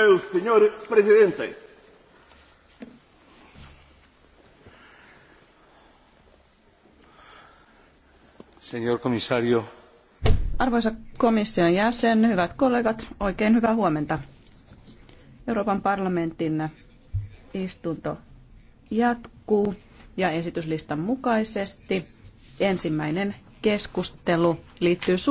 el señor presidente. Señor komissario. Arvoisa komission jäsen, hyvät kollegat, oikein hyvää huomenta. Euroopan parlamentin istunto jatkuu ja esityslistan mukaisesti ensimmäinen keskustelu liittyy suulliseen